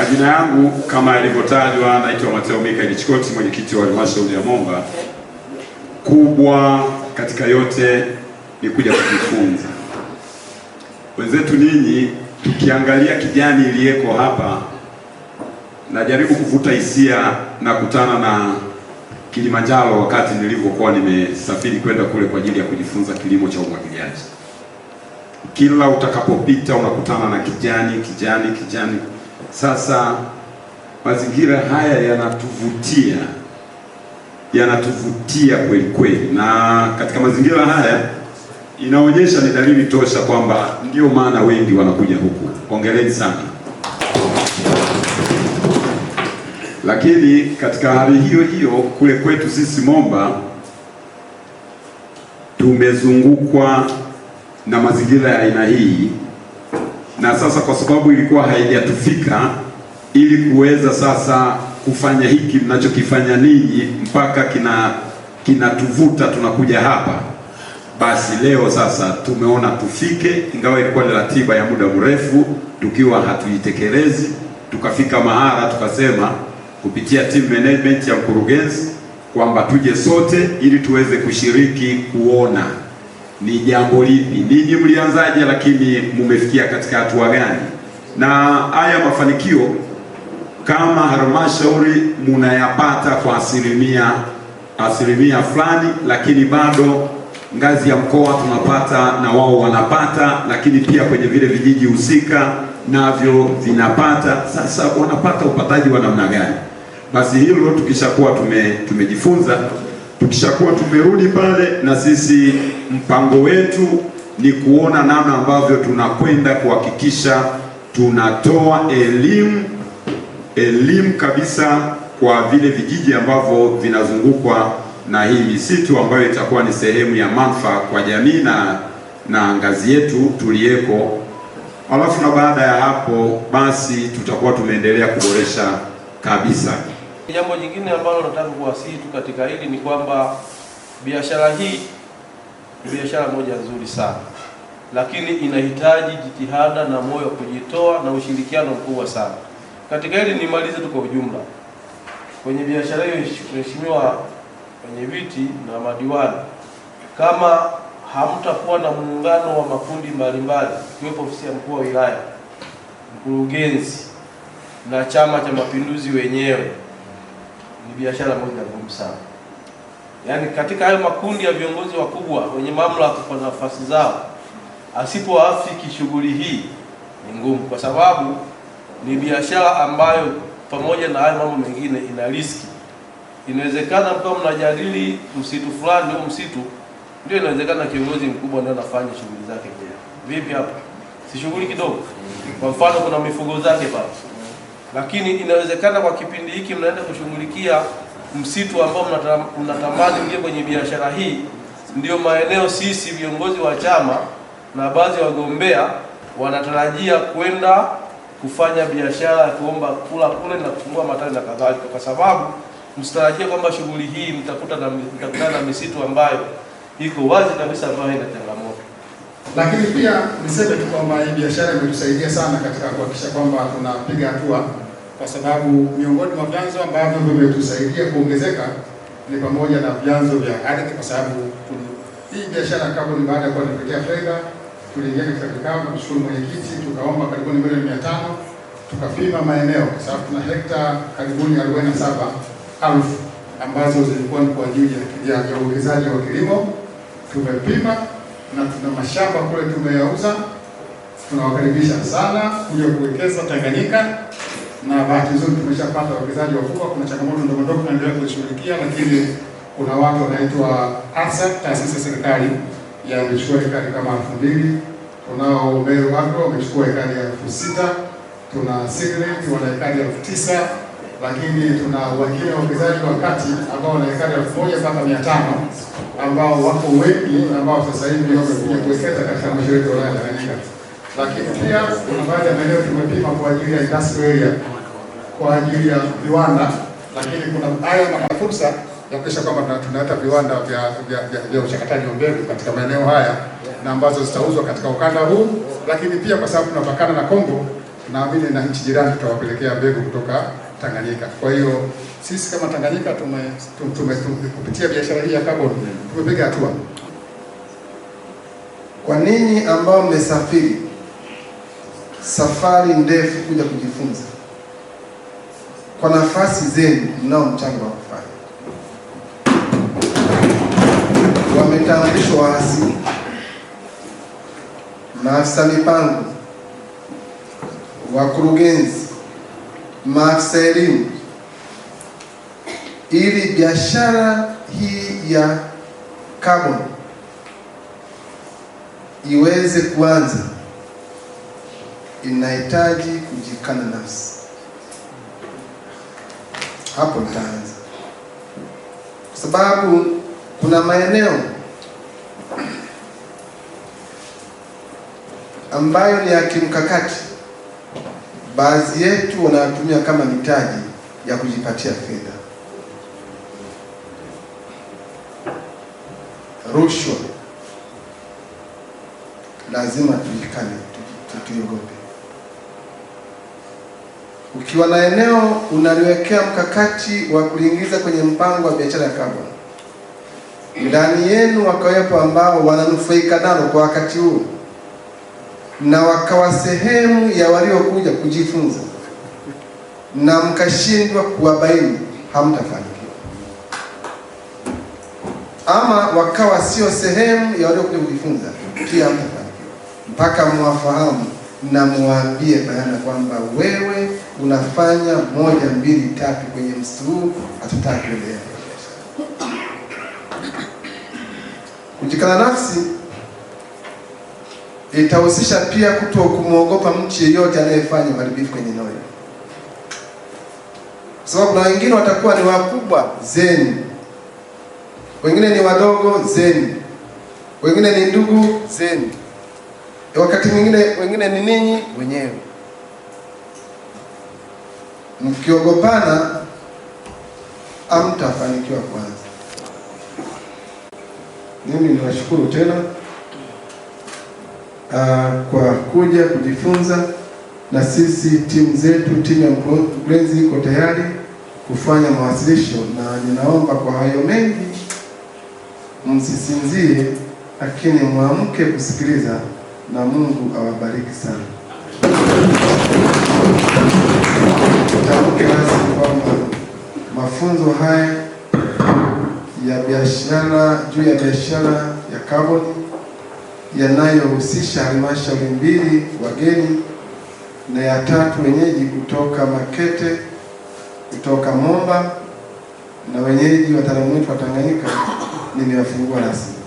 Majina yangu kama yalivyotajwa, naitwa Mateo Mika Chikoti, mwenyekiti wa halmashauri ya Momba. Kubwa katika yote ni kuja kujifunza wenzetu. Ninyi tukiangalia kijani iliyeko hapa, najaribu kuvuta hisia na kutana na Kilimanjaro wakati nilivyokuwa nimesafiri kwenda kule kwa ajili ya kujifunza kilimo cha umwagiliaji. Kila utakapopita unakutana na kijani, kijani, kijani sasa mazingira haya yanatuvutia, yanatuvutia kweli kweli, na katika mazingira haya inaonyesha ni dalili tosha kwamba ndio maana wengi wanakuja huku. Hongereni sana. Lakini katika hali hiyo hiyo kule kwetu sisi Momba tumezungukwa na mazingira ya aina hii na sasa kwa sababu ilikuwa haijatufika ili kuweza sasa kufanya hiki mnachokifanya ninyi mpaka kina kinatuvuta tunakuja hapa, basi leo sasa tumeona tufike, ingawa ilikuwa ni ratiba ya muda mrefu, tukiwa hatuitekelezi. Tukafika mahala tukasema kupitia team management ya mkurugenzi kwamba tuje sote ili tuweze kushiriki kuona ni jambo lipi, ninyi mlianzaje, lakini mumefikia katika hatua gani? Na haya mafanikio kama halmashauri munayapata kwa asilimia asilimia fulani, lakini bado ngazi ya mkoa tunapata na wao wanapata, lakini pia kwenye vile vijiji husika navyo vinapata. Sasa wanapata upataji wa namna gani? Basi hilo tukishakuwa tume tumejifunza, tukishakuwa tumerudi pale na sisi mpango wetu ni kuona namna ambavyo tunakwenda kuhakikisha tunatoa elimu elimu kabisa kwa vile vijiji ambavyo vinazungukwa na hii misitu ambayo itakuwa ni sehemu ya manufaa kwa jamii na na ngazi yetu tuliyeko. Alafu na baada ya hapo basi tutakuwa tumeendelea kuboresha kabisa. Jambo jingine ambalo nataka kuwasihi tu katika hili ni kwamba biashara hii ni biashara moja nzuri sana, lakini inahitaji jitihada na moyo wa kujitoa na ushirikiano mkubwa sana. Katika hili nimalize tu kwa ujumla, kwenye biashara hiyo, mheshimiwa kwenye viti na madiwani, kama hamtakuwa na muungano wa makundi mbalimbali ikiwepo ofisi ya mkuu wa wilaya, mkurugenzi na Chama cha Mapinduzi wenyewe, ni biashara moja ngumu sana yaani katika hayo makundi ya viongozi wakubwa wenye mamlaka kwa nafasi zao, asipoafiki shughuli hii ni ngumu, kwa sababu ni biashara ambayo pamoja na hayo mambo mengine ina riski. Inawezekana mkawa mnajadili msitu fulani, huo msitu ndio inawezekana kiongozi mkubwa ndio anafanya shughuli zake. Je, vipi hapa? Si shughuli kidogo? Kwa mfano kuna mifugo zake pale, lakini inawezekana kwa kipindi hiki mnaenda kushughulikia msitu ambao mnatamani mje kwenye biashara hii, ndio maeneo sisi viongozi wa chama na baadhi ya wagombea wanatarajia kwenda kufanya biashara ya kuomba kula kule na kufungua matawi na kadhalika, kwa sababu msitarajia kwamba shughuli hii mtakuta na mtakuta na misitu ambayo iko wazi kabisa, ambayo ina changamoto. Lakini pia niseme tu kwamba hii biashara imetusaidia sana katika kuhakikisha kwamba tunapiga hatua kwa sababu miongoni mwa vyanzo ambavyo vimetusaidia kuongezeka ni pamoja na vyanzo vya ardhi, kwa sababu hii biashara ya kaboni baada ya kuwatuletea fedha tuliingia katika vikao na kushukuru mwenyekiti, tukaomba karibuni milioni mia tano tukapima maeneo kwa sababu tuna hekta karibuni arobaini na saba elfu ambazo zilikuwa ni kwa ajili ya uwekezaji wa kilimo. Tumepima na tuna mashamba kule tumeyauza. Tunawakaribisha sana kuja kuwekeza Tanganyika na bahati nzuri tumeshapata wawekezaji wakubwa. Kuna changamoto ndogo ndogo tunaendelea kuishughulikia, lakini kuna watu wanaitwa ARSA, taasisi ya serikali ya amechukua hekari kama elfu mbili. Tunao Meru Agro wamechukua hekari ya elfu sita. Tuna Sigret wana hekari ya elfu tisa, lakini tuna wengine wawekezaji wa kati ambao wana hekari elfu moja mpaka mia tano ambao wako wengi ambao sasa hivi wamekuja kuwekeza katika halmashauri ya wilaya Tanganyika, lakini pia kuna baadhi ya maeneo tumepima kwa ajili ya industrial area kwa ajili ya viwanda, lakini kuna haya na fursa ya kuhakikisha kwamba tunaleta viwanda vya uchakataji wa mbegu katika maeneo haya na ambazo zitauzwa katika ukanda huu, lakini pia kwa sababu tunapakana na Kongo, naamini na nchi jirani tutawapelekea mbegu kutoka Tanganyika. Kwa hiyo sisi kama Tanganyika tume, tume, tume, tume kupitia biashara hii ya carbon tumepiga hatua. Kwa ninyi ambao mmesafiri safari ndefu kuja kujifunza kwa nafasi zenu mnao mchango wa kufanya. Wametambulishwa waasi, maafisa mipango, wakurugenzi, maafisa elimu, ili biashara hii ya kaboni iweze kuanza, inahitaji kujikana nafsi hapo nitaanza, kwa sababu kuna maeneo ambayo ni ya kimkakati, baadhi yetu wanatumia kama mitaji ya kujipatia fedha, rushwa. Lazima tuikane, tuiogope. Ukiwa na eneo unaliwekea mkakati wa kuliingiza kwenye mpango wa biashara ya kaboni, ndani yenu wakawepo ambao wananufaika nalo kwa wakati huu na wakawa sehemu ya waliokuja kujifunza na mkashindwa kuwabaini, hamtafanikiwa. Ama wakawa sio sehemu ya waliokuja kujifunza, pia hamtafanikiwa mpaka mwafahamu na muwaambie bayana kwamba wewe unafanya moja mbili tatu kwenye huu hatutaki kuendelea kujikana nafsi itahusisha pia kuto kumwogopa mtu yeyote anayefanya uharibifu kwenye noyo kwa sababu kuna wengine watakuwa ni wakubwa zeni wengine ni wadogo zeni wengine ni ndugu zeni wakati mwingine wengine ni ninyi wenyewe mkiogopana amtafanikiwa. Kwanza mimi niwashukuru tena uh, kwa kuja kujifunza na sisi timu zetu, timu ya mkurugenzi iko tayari kufanya mawasilisho, na ninaomba kwa hayo mengi msisinzie, lakini mwamke kusikiliza, na Mungu awabariki sana. Nitamke wazi kwamba mafunzo haya ya biashara juu ya biashara ya kaboni yanayohusisha halmashauri mbili wageni na ya tatu wenyeji kutoka Makete, kutoka Momba na wenyeji wa Taramwetu wa Tanganyika nimeyafungua rasmi.